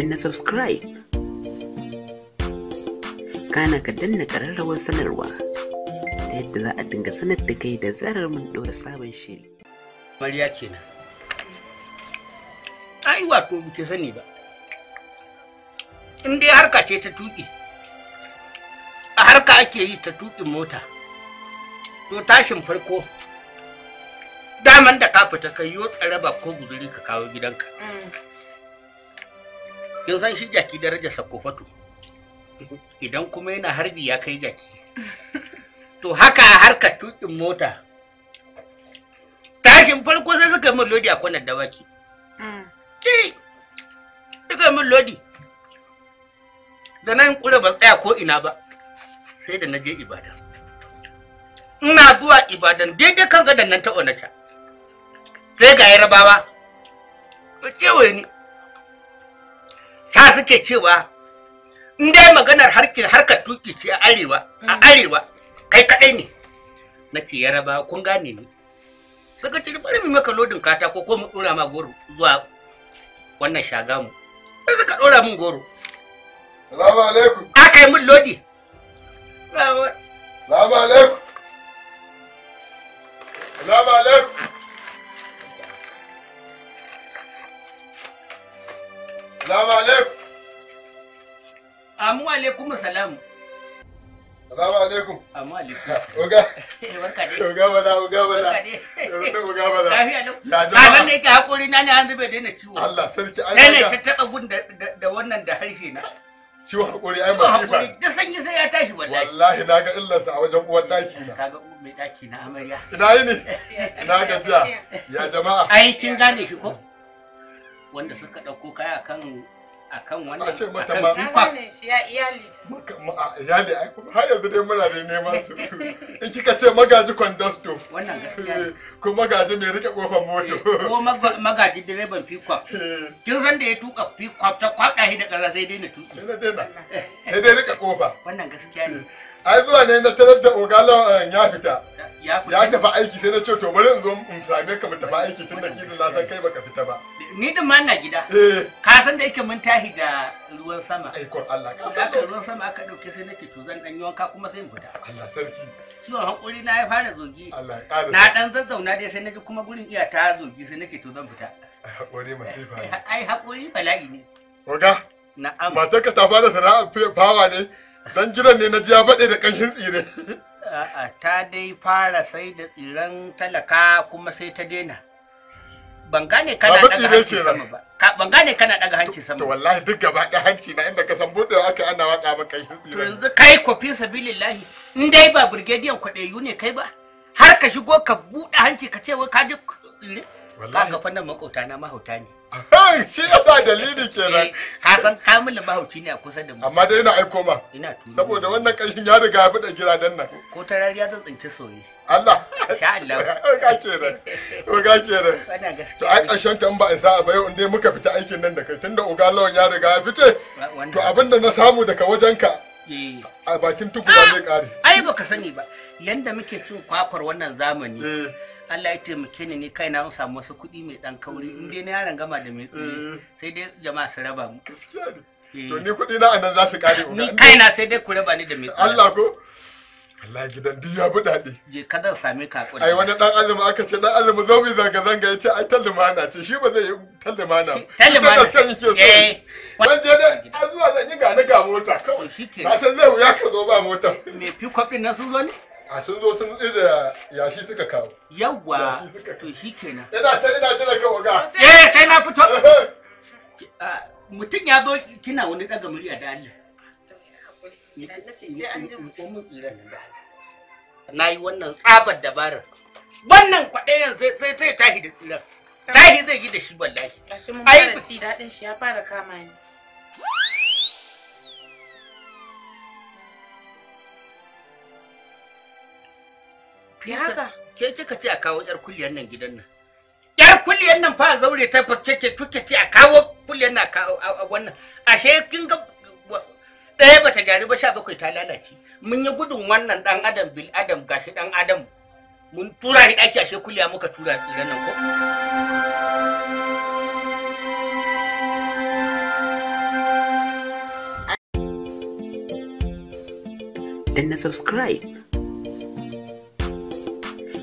danna subscribe kana ka danna ƙararrawar sanarwa ta yadda za a dinga sanar da kai da zarar mun ɗora sabon shiri amarya kenan ai wato muke sani ba in dai harka ce ta tuƙi a harka ake yi ta tuƙin mota to tashin farko daman da ka fita ka yi tsare ba ko guduri ka kawo gidanka mm. kin san shi jaki darajar fato, idan kuma yana harbi ya kai jaki to haka harkar tukin mota tashin farko sai suka min lodi a kwanan dawaki mm. ki suka min lodi da nan kure ba tsaya ko ina ba sai da na je ibada. ina zuwa ibadan daidai kan gadon nan ta onata sai ga yarabawa kewaye ni ta suke cewa in dai maganar harkar tuki ce a arewa a mm. arewa kai kadai ne na ce yaraba kun gane ni suka ce bari mu maka lodin katako ko mu dora ma goro zuwa wannan shagamu sai suka dora min goro salamu alaikum aka yi min lodi salamu alaikum salamu alaikum Salamu alaikum. Amu alaikum salamu. Salamu alaikum. Amu alaikum. Oga. Eh, barka dai. Oga bala, oga bala. Barka dai. Oga bala. Lafiya lau. Ranar da yake hakuri na ne an zube daina ciwo. Allah sarki. Sai ne ta taɓa gun da wannan da harshe na. ciwo hakuri ai masifa hakuri da sanyi sai ya tashi wallahi wallahi na ga illarsa a wajen uwar daki na ga mai daki na amarya ina yi ne? ina jiya? ya jama'a ai kin gane shi ko wanda suka ɗauko kaya akan akan wannan a ce mata ba ka ne shi ya iyali ma iyali ai kuma har yanzu dai muna da neman su in kika ce magaji conductor wannan gaskiya ko magaji mai rike kofar moto eh, ko magaji direban pickup eh. kin san da ya tuka pickup ta kwada shi da ƙara sai dai na tuki sai dai na sai dai rike kofa wannan gaskiya ne eh. ai zuwa ne na tarar da ogala eh, ya fita ya tafi aiki sai na ce to bari in zo in same ka mu tafi aiki tun da kidin na san kai baka fita ba ni din ma ina gida eh. ka san da yake mun tahi da ruwan sama ai kon Allah ka da ruwan sama aka dauke sai nake to zan dan yi kuma sai in fita Allah sarki ciwon hakuri na ya fara zogi na dan zazzauna dai sai nake kuma gurin iya ta zogi sai nake to zan fita hakuri masifa ne ai hakuri bala'i ne oga na'am matarka ta fara sana'a fawa ne dan jiran ne na ji ya faɗe da ƙanshin tsire a'a ta dai fara sai da tsiran talaka kuma sai ta daina ban gane kana daga hanci sama ba ban gane kana daga hanci sama to wallahi duk gaba ɗaya hanci na inda ka san bude aka ana waka kanshin tsire. to yanzu kai ko fi sabilillahi in dai ba brigadier kwaɗayu ne kai ba har ka shigo ka buɗe hanci ka ce wai ka je tsire ka ga fannin makota na mahauta ne shi ya sa dalili kenan eh, ka san kamilu mahauci ne a kusa da mu amma dai ina aiko ma ina tuni saboda wannan kashin ya riga ya fada gidajen nan ko ta rariya zan tsinci soye Allah insha Allah ka kenan to ka kenan wannan gaskiya to ai karshen ta ba isa ba yau inda muka fita aikin nan da kai tunda uga lawan ya riga ya fice to abinda na samu daga wajenka eh. a bakin tukura zai kare ah! ai baka sani ba yanda muke cin kwakwar wannan zamani eh. Allah ya taimake ni kai kaina an samu wasu kuɗi mai ɗan kauri mm. in dai na yaran gama da mai kuɗi mm. sai dai jama'a su raba mu. Eh. To ni kuɗi na anan za su kare uga. Ni kaina sai dai ku raba ni da mai Allah ko? Allah gidan duk ya buɗaɗe. Je zan same ka kuɗi. Ai wani ɗan azumi aka ce ɗan azumi zo mu zanga zanga ya ce ai tallimana ce shi ba zai yi tallimana. Tallimana. Ita da yake so. Wani eh. je dai a zuwa zan yi gane ga mota kawai. Shi ke. Na san zai wuya ka zo ba mota. Me fi kwaɗin na sun zo ne? a sun zo sun da yashi suka kawo yawa to shi kenan Ina can ina jira ka waga eh sai na fito mutum ya zo kina wani daga murya da Allah na yi wannan tsabar dabarar wannan kwaɗayan sai sai tahi da tsirar tahi zai yi da shi wallahi ai daɗin shi ya fara kama ni Fi haka? Ke kika ce a kawo yar kulliyar nan gidan nan. Yar kulliyar nan fa zaure ta fa kike kike ce a kawo kulliyar nan a wannan. Ashe kin ga ɗaya bata gyaru ba sha bakwai ta lalace. Mun yi gudun wannan dan adam bil adam gashi dan adam. Mun tura shi ɗaki ashe kulliya muka tura tsiran nan ko. Danna subscribe.